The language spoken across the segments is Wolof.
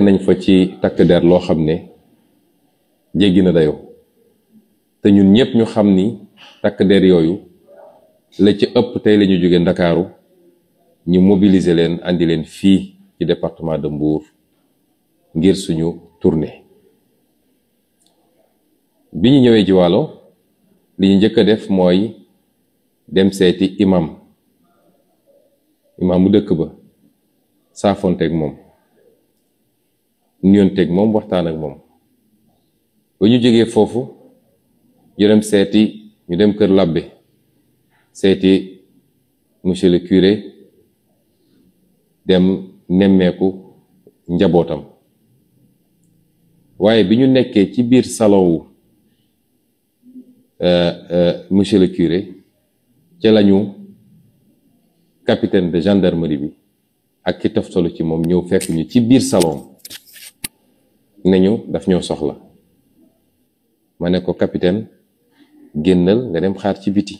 nañ fa ci takk der loo xam ne jéggi na dayoo te ñun ñëpp ñu xam ni takk der yooyu la ci ëpp tey lañu jóge ndakaaru ñu mobiliser leen andi leen fii ci département de Mbour ngir suñu tournée bi ñu ñëwee ci Waalo li ñu njëkk a def mooy dem seeti imam imam mu dëkk ba saafonteeg moom teg moom waxtaan ak moom ba ñu jógee foofu ñu dem seeti ñu dem kër làbbe seeti monsieur le curé dem nemmeeku njabootam waaye bi ñu nekkee ci biir salon wu euh, euh, monsieur le curé ca lañu capitaine de gendarmerie bi ak ki toftalu ci moom ñëw fekk ñu ci biir salon nañu daf ñoo soxla ma ne ko capitaine génnal nga dem xaar ci biti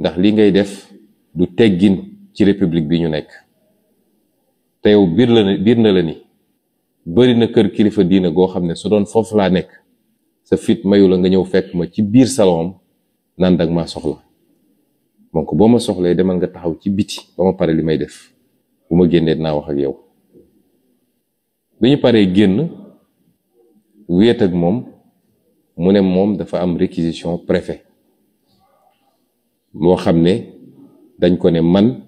ndax li ngay def du teggin ci république bi ñu nekk te yow biir la biir na la ni bari na kër kilifa diina goo xam ne su doon foofu laa nekk sa fit mayu la nga ñëw fekk ma ci biir salon am naan dag maa soxla donc boo ma soxlee demal nga taxaw ci biti ba ma pare li may def bu ma génnee dinaa wax ak yow bi ñu paree génn wéet ak moom mu ne moom dafa am réquisition préfet boo xam ne dañ ko ne man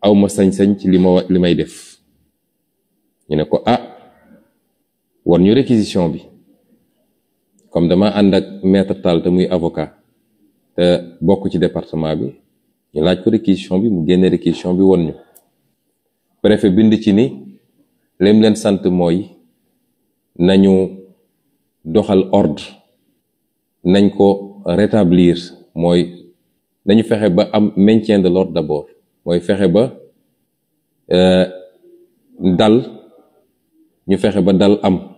awma sañ-sañ ci li ma li may def ñu ne ko ah war ñu réquisition bi comme dama ànd ak maître Tall te muy avocat te bokk ci département bi ñu laaj ko réquisition bi mu génne réquisition bi won ñu préfet bind ci ni lim leen sant mooy nañu doxal ordre nañ ko rétablir mooy nañu fexe ba am maintien de l'ordre d'abord mooy fexe ba euh, dal ñu fexe ba dal am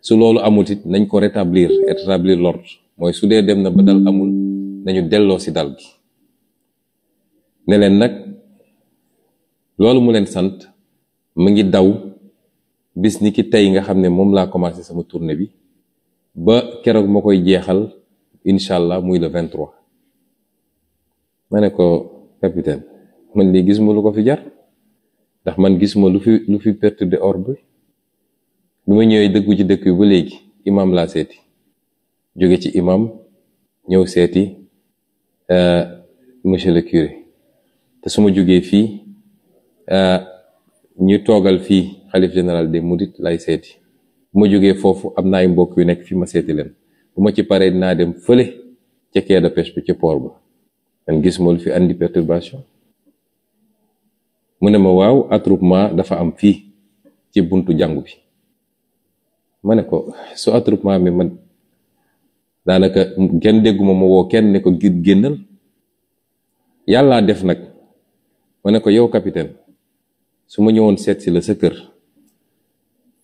su loolu amut it nañ ko rétablir rétablir l'ordre mooy su dee dem na ba dal amul nañu delloo ci dal gi ne leen nag loolu mu leen sant mu ngi daw bis ni ki tey nga xam ne moom laa commencé sama tournée bi ba keroog ma koy jeexal incha allah muy le 23 ma ne ko capitaine man lii gis ma lu ko fi jar ndax man gis ma lu fi lu fi de ordre bi ma ñëwee dëggu ci dëkk bi ba léegi imam laa seeti jóge ci imam ñëw seeti euh, monsieur le curé te su ma jógee fii euh, ñu toogal fii xalif général de mourides laay seeti bu ma jógee foofu am na ay mbokk yu nekk fi ma seeti leen bu ci paree dinaa dem fële ca quai de bi ci port ba man gis ma lu fi andi perturbation mu ne ma waaw atroupement dafa am fii ci buntu jàngu bi ma ne ko su attroupement mi man daanaka kenn dégguma ma woo kenn ne ko gid génnal yàllaa def nag ma ne ko yow capitaine su ma ñëwoon seet si la sa kër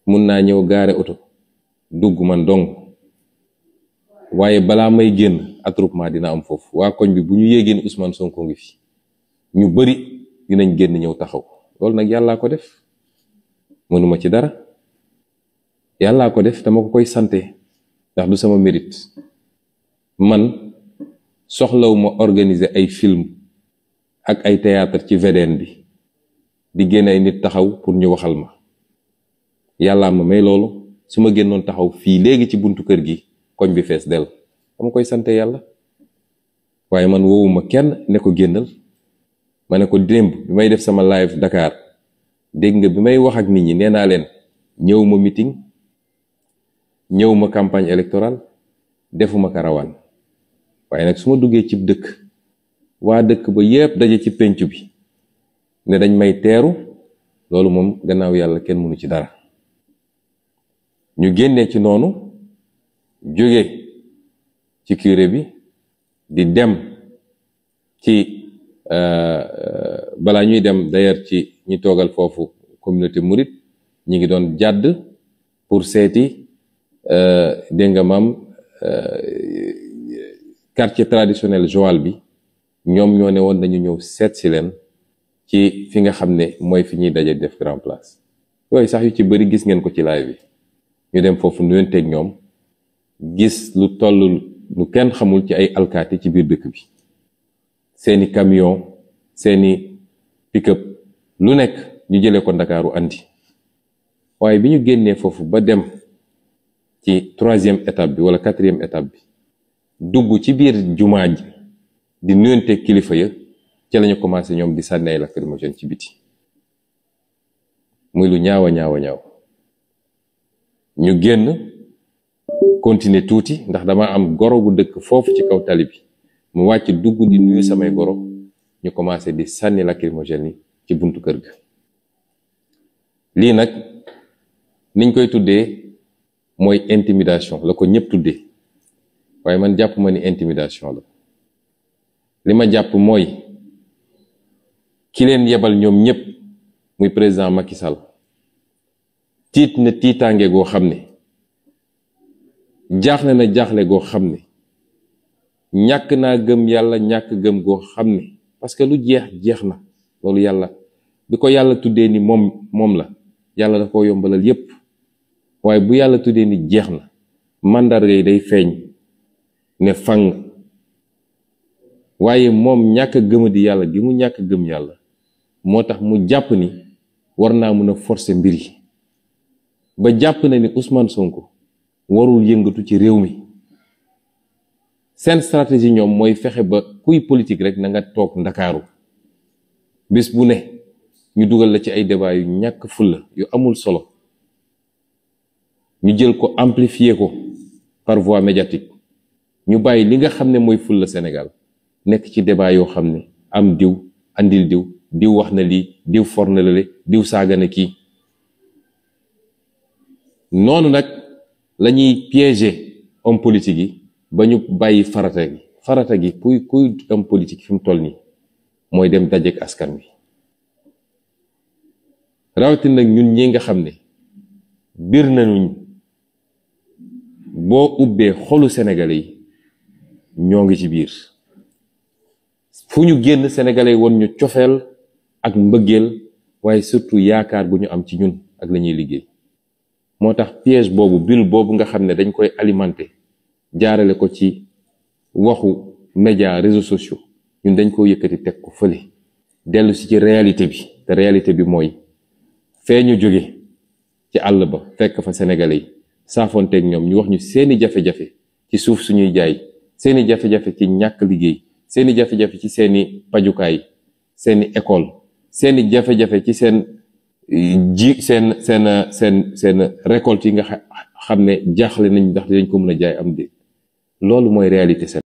mun naa ñëw gaare oto dugg man dong waaye balaa may génn attroupement dina am foofu waa koñ bi bu ñu yéegee ni Ousmane Sonko ngi fi ñu bari dinañ génn ñëw taxaw loolu nag yàllaa ko def mënuma ci dara yàllaa ko def te ma ko koy sante ndax du sama mérite man soxlawuma organiser ay film ak ay théâtre ci VDN bi di génn ay nit taxaw pour ñu waxal ma yàllaa ma may loolu su ma génnoon taxaw fii léegi ci buntu kër gi koñ bi fees dell dama koy sante yàlla waaye man woowuma kenn ne ko génnal ma ne ko démb bi may def sama live ndakaar dégg nga bi may wax ak nit ñi nee naa leen ñëw ma meeting ñëw ma campagne électorale defuma karawaan waaye nag su ma duggee cib dëkk waa dëkk ba yépp daje ci pénc bi ne dañ may teeru loolu moom gannaaw yàlla kenn mënu ci dara ñu génnee ci noonu jóge ci kiire bi di dem ci euh, balaa ñuy dem d'ailleurs ci ñi toogal foofu communauté mouride ñi ngi doon jàdd pour seeti euh, dégg nga maam euh, quartier traditionnel Joal bi ñoom ñoo ne woon nañu ñëw seet si leen ci fi nga xam ne mooy fi ñuy daje def grand place yooyu sax yi ci bëri gis ngeen ko ci live bi ñu dem foofu nuyonteeg ñoom gis lu toll lu kenn xamul ci ay alkaati ci biir dëkk bi seeni camion seeni pick-up lu nekk ñu jëlee ko ndakaaru andi waaye bi ñu génnee foofu ba dem ci troisième étape bi wala quatrième étape bi dugg ci biir jumaa ji di nuyonteeg kilifa ya ca lañu commencé ñoom di sànni ay lacrymogène ci biti muy lu ñaawa ñaawa ñaaw ñu génn continuer tuuti ndax dama am goro gu dëkk foofu ci kaw tali bi mu wàcc dugg di nuyu samay goro ñu commencé di sànni lacrymogène ni ci buntu kër ga lii nag niñ koy tuddee mooy intimidation la ko ñëpp tuddee waaye man jàpp ma ni intimidation la li ma jàpp mooy ki leen yebal ñoom ñëpp muy président Macky Sall tiit na tiitaange goo xam ne jaaxle na jaaxle goo xam ne ñàkk naa gëm yàlla ñàkk gëm goo xam ne parce que lu jeex jeex na loolu yàlla bi ko yàlla tuddee ni moom moom la yàlla dafa koo yombalal yépp waaye bu yàlla tuddee ni jeex na màndarga yi day feeñ ne fang waaye moom ñàkk gëma di yàlla gi mu ñàkk gëm yàlla moo tax mu jàpp ni war naa mën a forcer mbir ba jàpp na ni Ousmane Sonko warul yëngatu ci réew mi seen stratégie ñoom mooy fexe ba kuy politique rek na nga toog ndakaaru bés bu ne ñu dugal la ci ay débat yu ñàkk fulla yu amul solo ñu jël ko amplifier ko par voie ñu bàyyi li nga xam ne mooy fulla Sénégal nekk ci débat yoo xam ne am diw andil diw diw wax na lii diw fornalale diw saaga na kii noonu nag la ñuy piéger homme politique yi ba ñu bàyyi farata gi farata gi kuy kuy homme politique fi mu toll nii mooy dem dajeek askan wi rawatina nag ñun ñi nga xam ne biir nañu boo ubbee xolu sénégalais yi ñoo ngi ci biir fu ñu génn sénégalais woon ñu cofeel ak mbëggeel waaye surtout yaakaar bu ñu am ci ñun ak la ñuy liggéey moo tax piège boobu bulle boobu nga xam ne dañ koy alimenter jaarale ko ci waxu média réseau sociaux ñun dañ koo yëkkati teg ko fële dellu si ci réalité bi te réalité bi mooy feeñu jóge ci àll ba fekk fa sénégalais yi saafonteeg ñoom ñu wax ñu seeni jafe-jafe ci suuf suñuy jaay seeni jafe-jafe ci ñàkk liggéey seeni jafe-jafe ci seeni pajukaay seeni école seeni jafe-jafe ci seen ji seen seen seen seen récolte yi nga xam ne jaaxle nañ ndax dinañ ko mun a jaay am déet loolu mooy réalité seen